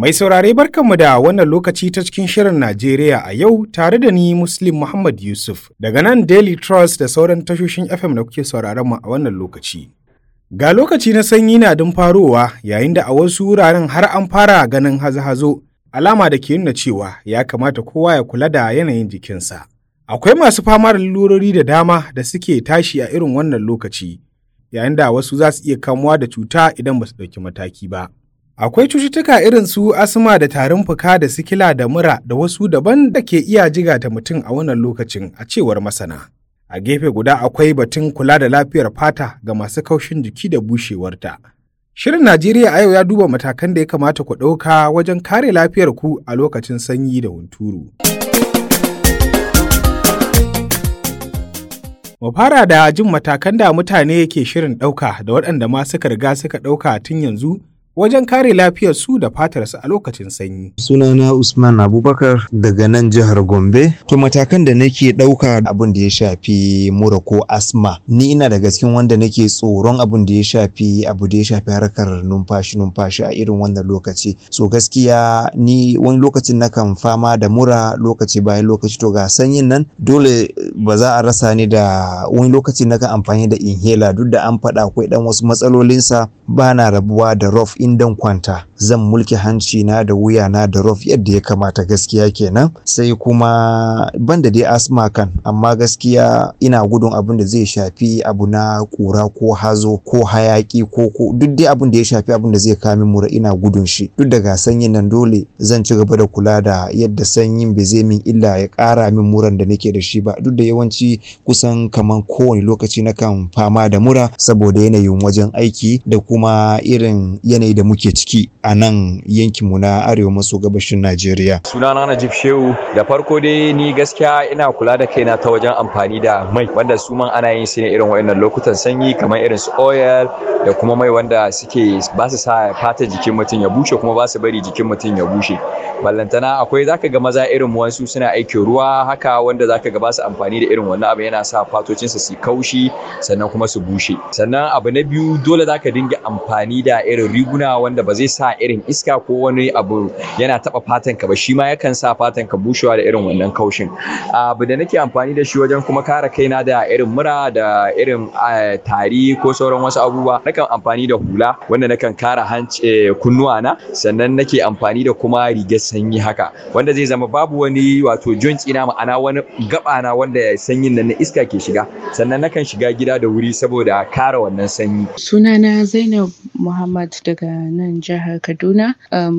Mai saurare barkanmu da wannan lokaci ta cikin shirin Najeriya a yau tare da ni Muslim Muhammad Yusuf daga nan Daily Trust da sauran tashoshin FM da kuke sauraron mu a wannan lokaci. Ga lokaci na sanyi na dun farowa yayin da a wasu wuraren har an fara ganin hazo-hazo alama da ke nuna cewa ya kamata kowa ya kula da yanayin jikinsa. Akwai masu fama da lalurori da dama da suke tashi a irin wannan lokaci yayin da wasu za su iya kamuwa da cuta idan ba su ɗauki mataki ba. Akwai cututtuka irin su asma da tarin fuka da sikila da mura da wasu daban da ke iya jiga ta mutum a wannan lokacin a cewar masana. A gefe guda akwai batun kula da lafiyar fata ga masu kaushin jiki da bushewarta. Shirin Najeriya a yau ya duba matakan da ya kamata ku ɗauka wajen kare lafiyar ku a lokacin sanyi da hunturu. Mu fara da jin matakan da mutane ke shirin ɗauka da waɗanda ma suka riga suka ɗauka tun yanzu wajen kare lafiyar su da fatarsu a lokacin sanyi. Sunana Usman Abubakar daga nan jihar Gombe. To matakan da nake ɗauka abin da ya shafi mura ko asma. Ni ina daga cikin wanda nake tsoron abin da ya shafi abu da ya shafi harkar numfashi numfashi a irin wannan lokaci. So gaskiya ni wani lokacin na kan fama da mura lokaci bayan lokaci to ga sanyin nan dole ba za a rasa ni da wani lokaci kan amfani da inhaler duk da an faɗa akwai ɗan wasu matsalolinsa ba na rabuwa da rough in dan kwanta zan mulki hanci na da wuya na da rof yadda ya kamata gaskiya kenan sai kuma banda dai asma kan amma gaskiya ina gudun abin da zai shafi abu na kura ko hazo ko hayaki ko ko duk dai abin da ya shafi abin da zai kame mura ina gudun shi duk daga sanyin nan dole zan ci gaba da kula da yadda sanyin bai zai min illa ya kara min muran da nake da shi ba duk da yawanci kusan kaman kowane lokaci na kan fama da mura saboda yanayin wajen aiki da kuma irin yanayi da muke ciki a nan yankinmu na arewa maso gabashin Najeriya. Sunana Najib Shehu da farko dai ni gaskiya ina kula da kaina ta wajen amfani da mai wanda su man ana yin shi ne irin waɗannan lokutan sanyi kamar irin su oil da kuma mai wanda suke ba su sa fata jikin mutum ya bushe kuma ba su bari jikin mutum ya bushe. Ballantana akwai zaka ga maza irin wasu suna aikin ruwa haka wanda zaka ga ba su amfani da irin wannan abu yana sa fatocinsa su kaushi sannan kuma su bushe. Sannan abu na biyu dole zaka dinga amfani da irin riguna ƙona wanda ba zai sa irin iska ko wani abu yana taba fatan ka ba shi ma yakan sa fatan ka bushewa da irin wannan kaushin abu da nake amfani da shi wajen kuma kare kaina da irin mura da irin tari ko sauran wasu abubuwa nakan amfani da hula wanda nakan kara hanci e, kunnuwa na sannan nake amfani da kuma rigar sanyi haka wanda zai zama babu wani wato joint ina ma'ana wani gaba na wanda sanyin nan na iska ke shiga sannan nakan shiga gida da wuri saboda kare wannan sanyi sunana Zainab Muhammad daga nan jihar Kaduna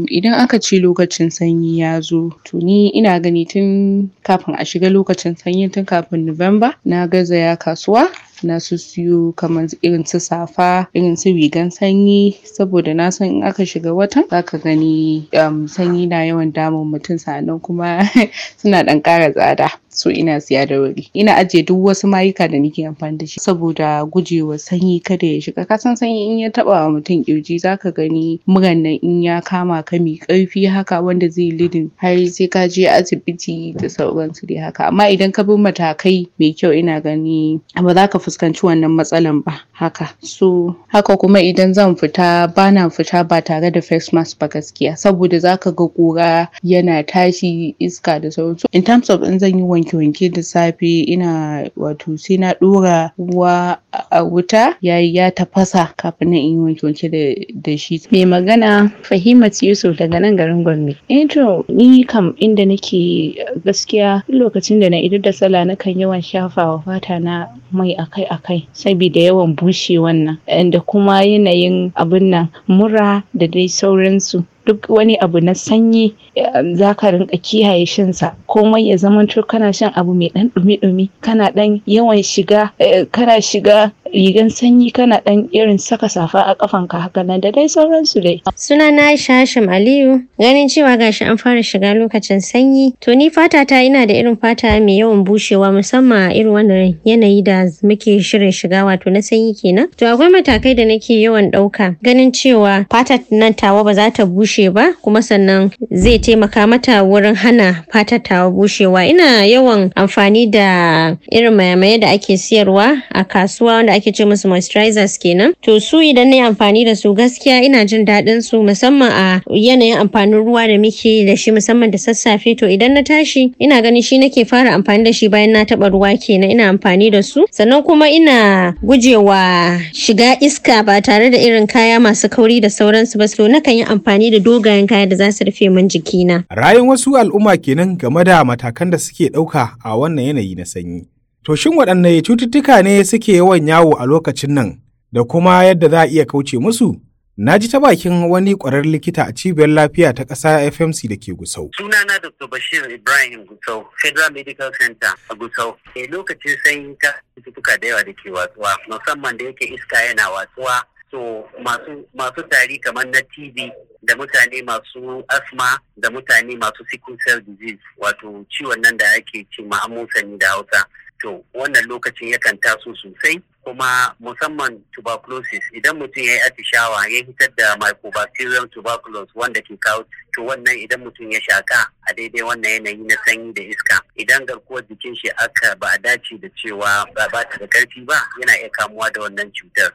idan aka ce lokacin sanyi ya zo to ni ina gani tun kafin a shiga lokacin sanyi tun kafin Nuwamba na ya kasuwa na siyo kamar irin su safa irin su rigan sanyi saboda na san in aka shiga watan za ka gani sanyi na yawan damun mutum sannan kuma suna ɗan ƙara tsada. so ina siya da wuri ina ajiye duk wasu mayuka da nake amfani da shi saboda gujewa sanyi kada ya shiga kasan sanyi in ya taba wa mutum kirji zaka gani muran nan in ya kama ka mai karfi haka wanda zai lidin har sai ka je asibiti da sauransu dai haka amma idan ka bi matakai mai kyau ina gani ba za ka fuskanci wannan matsalan ba haka so haka kuma idan zan fita bana fita ba tare da face mask ba gaskiya saboda za ka ga ƙura yana tashi iska da sauransu in terms of in zan yi wanke-wanke da safe ina wato sai na dora ruwa a wuta ya ya tafasa kafin na in yi wanke-wanke da shi mai magana fahimat yusuf daga nan garin gombe eh ni kam inda nake gaskiya lokacin da na idar da sallah nakan yawan shafawa fata na mai akai-akai saboda yawan bu bushewan wannan da kuma yanayin abin nan mura da dai sauransu duk wani abu na sanyi eh, za ka rinka kiyaye shinsa komai ya zamanto kana shan abu mai dan dumi-dumi kana dan yawan shiga eh, kana shiga rigan sanyi kana dan irin saka safa a kafanka haka nan da dai sauransu dai. Suna na Aisha Aliyu ganin cewa gashi an fara shiga lokacin sanyi to ni fata ta ina da irin fata mai yawan bushewa musamman a irin wannan yanayi da muke shirin shiga wato na sanyi kenan. To akwai matakai da nake yawan dauka ganin cewa fata nan tawa ba za ta bushe ba kuma sannan zai taimaka mata wurin hana fata tawa bushewa. Ina yawan amfani da irin mayamaye da ake siyarwa a kasuwa wanda ake ce musu moisturizers kenan to su idan na amfani da su gaskiya ina jin daɗin su musamman a yanayin amfanin ruwa da muke da shi musamman da sassafe to idan na tashi ina ganin shi nake fara amfani da shi bayan na taɓa ruwa kenan ina amfani da su sannan kuma ina gujewa shiga iska ba tare da irin kaya masu kauri da sauransu ba so nakan yi amfani da dogayen kaya da za su rufe min jikina. rayuwar wasu al'umma kenan game da matakan da suke ɗauka a wannan yanayi na sanyi. To shin waɗanne cututtuka ne suke yawan yawo a lokacin nan da kuma yadda za a iya kauce musu? Na ji ta bakin wani ƙwarar likita a cibiyar lafiya ta ƙasa FMC da ke Gusau. Suna na Dr. Bashir Ibrahim Gusau, Federal Medical Center a Gusau. E lokacin sanyi ta cututtuka da yawa da ke watsuwa, musamman da yake iska yana watsuwa. to masu tari kamar na TB da mutane masu asma da mutane masu sickle cell disease wato ciwon nan da ake ce ma'amusan da Hausa. to wannan lokacin yakan taso sosai kuma musamman tuberculosis idan mutum ya yi atishawa ya hitar da mycobacterium tuberculosis wanda ke kawo to wannan idan mutum ya shaka a daidai wannan yanayi na sanyi da iska idan garkuwar jikin shi aka ba a dace da cewa ba ba ta da karfi ba yana iya kamuwa da wannan cutar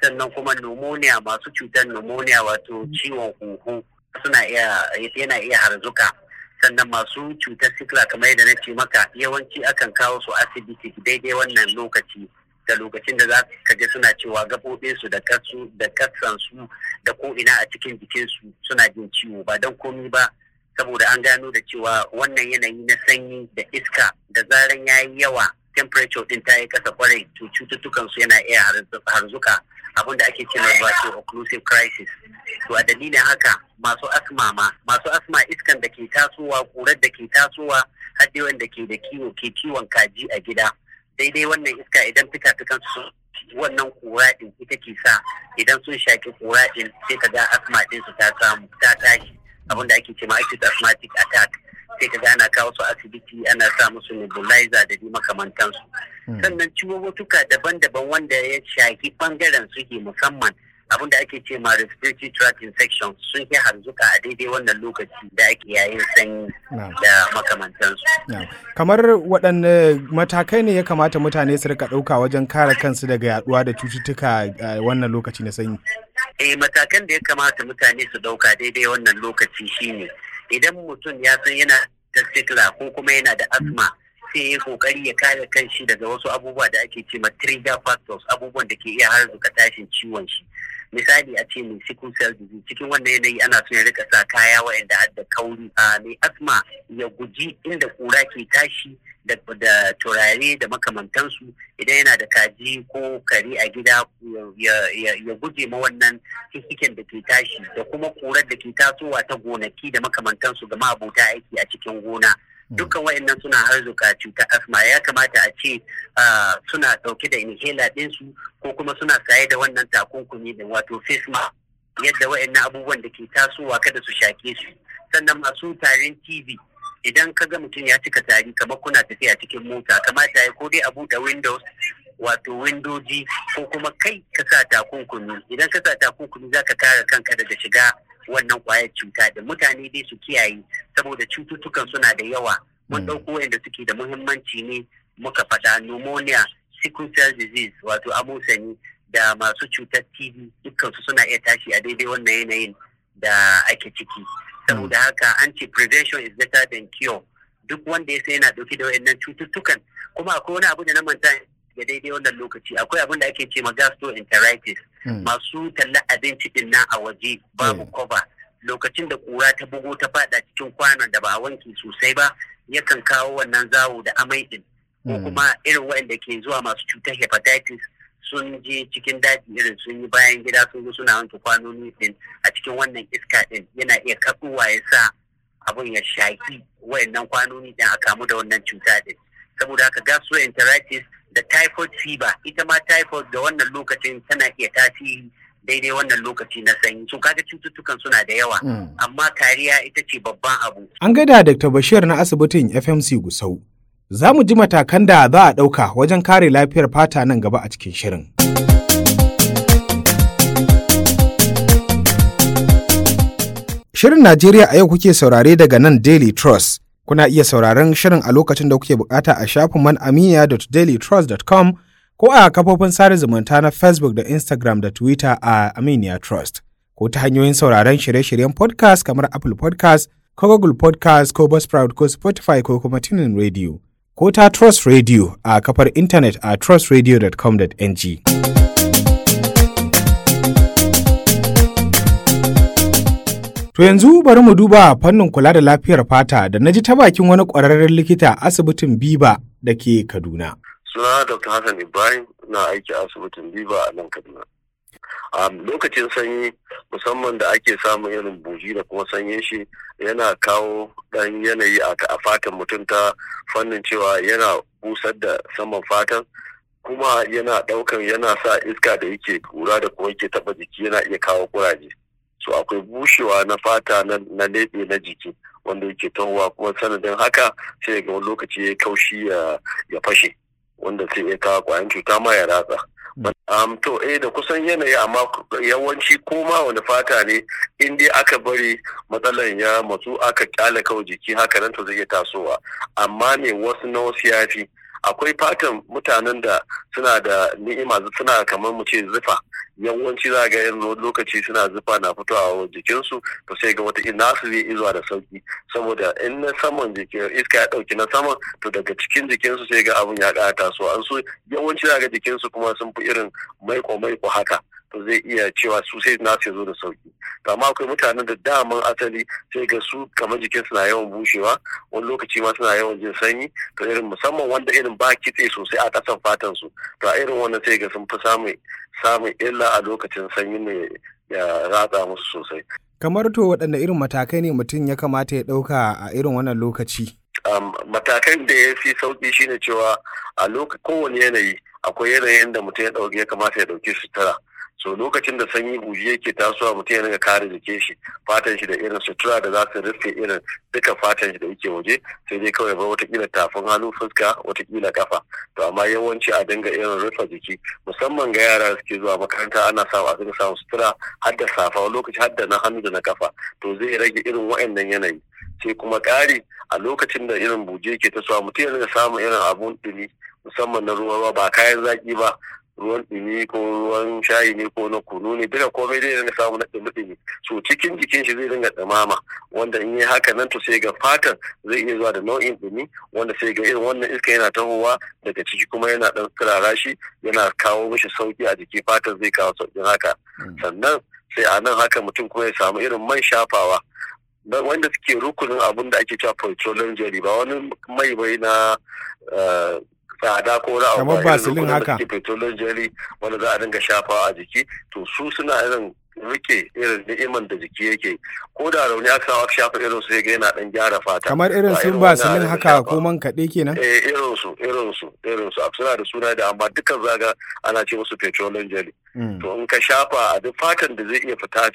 sannan kuma pneumonia masu cutar pneumonia wato ciwon huhu suna iya yana iya harzuka sannan masu cutar sikla kamar yadda na ce maka yawanci akan kawo su asibiti daidai wannan lokaci da lokacin da za ka ga suna cewa su da kasu da su da ko'ina a cikin jikinsu suna jin ciwo ba don komi ba saboda an gano da cewa wannan yanayi na sanyi da iska da zaran ya yi yawa temperature din ta yi kasa kwarai to cututtukan su yana iya harzuka abin da ake cewa wato occlusive crisis to a dalilin haka masu asma ma masu asma iskan da ke tasowa kurar da ke tasowa hadde wanda ke da kiwo ke kiwon kaji a gida daidai wannan iska idan fita fikafikan su wannan kura din ita ke sa idan sun shaki kura din sai ka ga asma din su ta samu ta tashi abin da ake cewa acute asthmatic attack sai ka ana kawo su asibiti ana sa musu nebulizer da dai makamantansu hmm. sannan ciwuwatuka daban-daban wanda ya shafi bangaren suke musamman abin da ake ce ma respiratory tract infection sun yi harzuka a daidai wannan lokaci da ake yayin sanyi da makamantansu. Kamar waɗanne matakai ne ya kamata mutane su rika ɗauka wajen kare kansu daga yaduwa da cututtuka a wannan lokaci na sanyi? Eh matakan da ya kamata mutane su ɗauka daidai wannan lokaci shine idan mutum ya san yana da sikla ko kuma yana da asma sai ya kokari ya kare shi daga wasu abubuwa da ake ce ma trigger factors abubuwan da ke iya harzuka tashin ciwon shi misali a ce mai sickle cell disease cikin wannan yanayi ana son ya rika sa kaya wa'anda da kauri a mai asma ya guji inda kura ke tashi da turare da makamantansu idan yana da kaji ko kare a gida ya guje ma wannan cikin da ke tashi da kuma kurar da ke tasowa ta gonaki da makamantansu ga abota aiki a cikin gona. Hmm. dukkan waɗannan suna harzuka cuta asma ya kamata a ce suna dauke da inhaler ɗinsu ko kuma suna saye da wannan takunkumi din wato face mask yadda wayannan abubuwan da ke tasowa kada su shake su sannan masu tarin tv idan ka ga mutum ya cika tari kamar kuna tafiya cikin mota kamata ya ko dai a buɗe windows wato windoji ko kuma kai ka sa takunkumi idan ka sa takunkumi za ka kare kanka daga shiga wannan kwayar cuta da mutane dai su kiyaye saboda cututtukan suna da yawa mun hmm. ɗauko wanda suke da muhimmanci ne muka faɗa pneumonia sickle cell disease wato amosani da masu cutar tv dukkansu suna iya tashi a daidai wannan yanayin da ake ciki saboda hmm. haka an ce prevention is better than cure duk wanda ya sai yana ɗauke da wayannan cututtukan kuma akwai wani abu da na manta ga daidai wannan lokaci akwai abin da ake ce ma gastroenteritis hmm. masu talla abinci din na a waje babu kwaba hmm. lokacin da kura ta bugo ta fada cikin kwanon da ba a wanke sosai ba yakan kawo wannan zawo da amai din ko hmm. kuma irin waɗanda ke zuwa masu cutar hepatitis sun je cikin daji irin sun yi bayan gida sun zo suna wanke kwanoni din a cikin wannan iska din yana iya kaɗuwa ya sa abin ya shaki wayannan kwanoni din a kamu da wannan cuta din saboda haka gastroenteritis da typhoid fever ita ma typhoid da wannan lokacin tana iya tasiri daidai wannan lokaci na sanyi so kaga cututtukan suna da yawa hmm. amma kariya ita ce babban abu an gaida dr bashir na asibitin fmc gusau za mu ji matakan da za a ɗauka wajen kare lafiyar fata nan gaba a cikin shirin Shirin Najeriya a yau kuke saurare daga nan Daily Trust Kuna iya sauraron shirin a lokacin da kuke bukata a shafin man aminiya.dailytrust.com ko a kafofin sada zumunta na Facebook da Instagram da Twitter a Aminiya Trust. Ko ta hanyoyin sauraron shirye-shiryen podcast kamar Apple podcast ko Google podcast ko Buzzsprout ko Spotify ko kuma Tunin Radio. Ko ta Trust Radio a kafar intanet a trustradio.com.ng. To yanzu bari mu duba fannin kula da lafiyar fata da na ji ta bakin wani ƙwararren likita asibitin Biba da ke Kaduna. Suna Dr. Hassan Ibrahim na aiki a asibitin Biba a nan Kaduna. A lokacin sanyi musamman da ake samun irin buji da kuma sanyin shi yana kawo ɗan yanayi a fatan mutum ta fannin cewa yana busar da saman fatan kuma yana ɗaukan yana sa iska da yake kura da kuma yake taɓa jiki yana iya kawo kuraje. so akwai bushewa na fata na leɓe na jiki wanda yake tahowa kuma sanadin haka sai ga wani lokaci ya kaushi ya fashe wanda sai ya kawo kwayan cuta ma ya ratsa um, to eh da kusan yanayi amma yawanci koma wani fata ne in dai aka bari matsalan ya matsu aka kyale kawai jiki haka nan to zai iya tasowa amma ne wasu na wasu yafi akwai fatan mutanen da suna da ni'ima suna kamar mu ce zufa yawanci za ga yanzu lokaci suna zufa na fitowa jikinsu to sai ga wata ina su zai izuwa da sauki saboda in na saman jiki iska ya dauki na saman to daga cikin jikinsu sai ga abun ya kara tasowa an so yawanci za ga jikinsu kuma sun fi irin maiko maiko haka to zai iya cewa su sai na su zo da sauki to amma akwai mutanen da daman asali sai ga su kamar jikin suna yawan bushewa wani lokaci ma suna yawan jin sanyi to irin musamman wanda irin ba kitse sosai a ƙasan fatan su to a irin wannan sai ga sun fi samun samun illa a lokacin sanyi ne ya ratsa musu sosai kamar to waɗanne irin matakai ne mutum ya kamata ya ɗauka a irin wannan lokaci matakan da ya fi sauƙi shine cewa a lokacin kowane yanayi akwai yanayin da mutum ya kamata ya ɗauki sutura so lokacin da sanyi huji yake tasowa mutum yana kare jikin shi fatan shi da irin sutura da za su rufe irin duka fatan shi da yake waje sai dai kawai ba watakila tafin hannu fuska watakila kafa to amma yawanci a dinga irin rufe jiki musamman ga yara suke zuwa makaranta ana samu a dinga samu sutura har da safa lokaci har da na hannu da na kafa to zai rage irin wa'annan yanayi sai kuma ƙari a lokacin da irin buje ke tasowa mutum yana samun irin abun ɗumi musamman na ruwa ba kayan zaki ba ruwan ɗumi ko ruwan shayi ne ko na kunu ne duka komai zai dinga samu na ɗumi ɗumi so cikin jikin shi zai dinga ɗumama wanda in yi haka nan to sai ga fatan zai iya zuwa da nau'in ɗumi wanda sai ga irin wannan iska yana tahowa daga ciki kuma yana ɗan kirara shi yana kawo mishi sauki a jiki fatan zai kawo sauƙin haka mm. sannan sai a nan haka mutum kuma ya samu irin man shafawa wanda suke rukunin abun da ake cewa petroleum jelly ba wani mai bai na eh, tsada ko na abu kamar basilin haka wanda za a dinga shafa a jiki to su suna irin rike irin ni'iman da jiki yake ko da rauni aka sawa shafa irin su ga yana dan gyara fata kamar irin su basilin haka ko man kaɗe kenan eh irin su irin su irin su suna da suna da amma dukkan zaga ana ce musu petroleum jelly mm. to in ka shafa a duk fatan da zai iya fita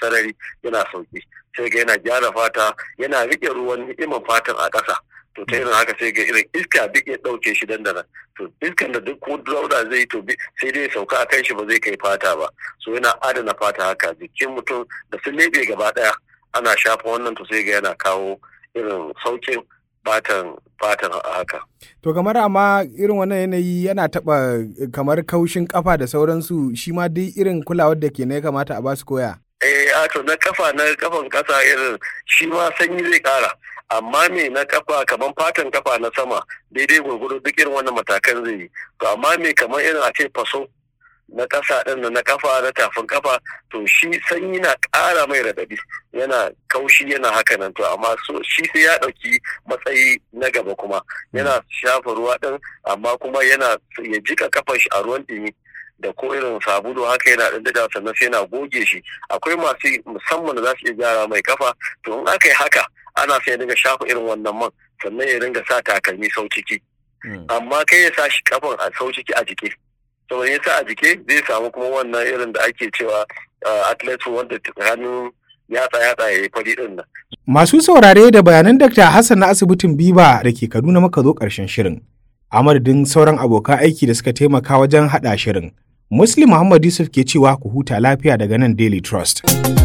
sarari yana sauki sai ga yana gyara fata yana rike ruwan ni'iman fatan a ƙasa to ta irin haka sai ga irin iska duk ya ɗauke shi dandana to iskan da duk dauda zai yi to sai dai sauka a kan shi ba zai kai fata ba so yana adana fata haka jikin mutum da sun lebe gaba ɗaya ana shafa wannan to sai ga yana kawo irin saukin fatan fatan haka. To kamar amma irin wannan yanayi yana taɓa kamar kaushin kafa da sauransu shi ma dai irin kulawar da ke na ya kamata a basu koya. Eh a to na kafa na kafan kasa irin shi ma sanyi zai kara amma me na kafa kamar fatan kafa na sama daidai gurguru duk irin wannan matakan zai yi to amma me kamar irin a ce faso na ƙasa ɗin na kafa na tafin kafa to shi sanyi na ƙara mai raɗaɗi yana kaushi yana haka nan to amma shi sai ya ɗauki matsayi na gaba kuma yana hmm. shafa ruwa ɗin amma kuma yana ya jika kafa shi a ruwan ɗimi da ko irin sabulu haka yana ɗan daga sannan sai yana goge shi akwai masu musamman da za su iya gyara mai kafa to in aka yi haka ana sai dinga shafa irin wannan man sannan ya dinga sa takalmi sau ciki hmm. amma kai ya sa shi kafan a sau ciki a jike saboda ya sa a jike zai samu kuma wannan irin da ake cewa uh, atletu wanda hannu yatsa yatsa ya yi din nan. Masu saurare da bayanan Dr. Hassan na asibitin Biba da ke Kaduna maka zo karshen shirin. A madadin sauran abokan aiki da suka taimaka wajen haɗa shirin. Muslim Muhammad Yusuf ke cewa ku huta lafiya daga nan Daily Trust.